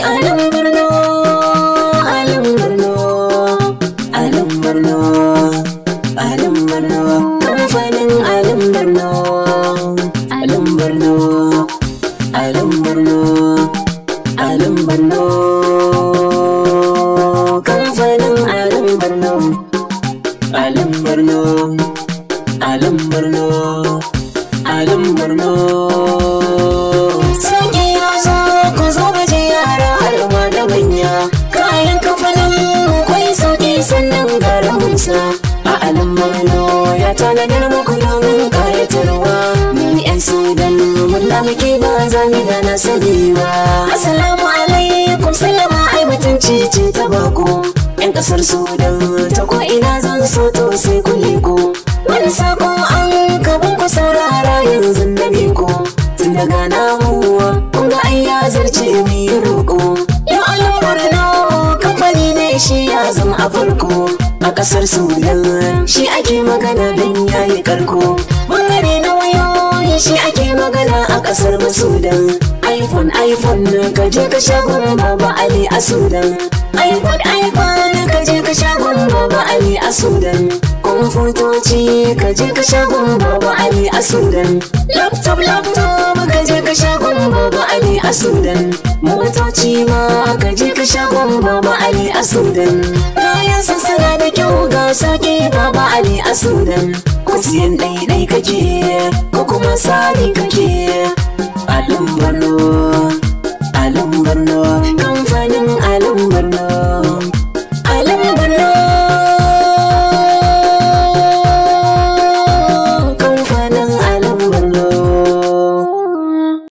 Alam Borno, Alam Borno. sha'anin murno ya tanadar muku domin kayatarwa ni yan sudan murna muke ba za mu da na sani ba assalamu alaikum sallama ai mutunci ce ta bako yan kasar sudan ta ko ina zan so to sai ku leko wani sako an kabin ku saurara yanzu na ko tun daga namu kun ga ai ya zarce mai roƙo ya al'ummar na kamfani ne shi ya zama a farko kasar sudan shi ake magana don yayi karko bangare na wayoyi shi ake magana a kasar sudan iphone iphone na kaje ka shagon baba ali a sudan iphone iphone na kaje ka shagon baba ali a sudan Kuma fotoci kaje ka shagon baba ali a sudan laptop laptop baba ali a sudan motoci ma ka je ka shagon baba ali a sudan kayan sassana da kyau ga sake baba ali a sudan ku siyan ɗaiɗai kake ko kuma sani kake a ɗan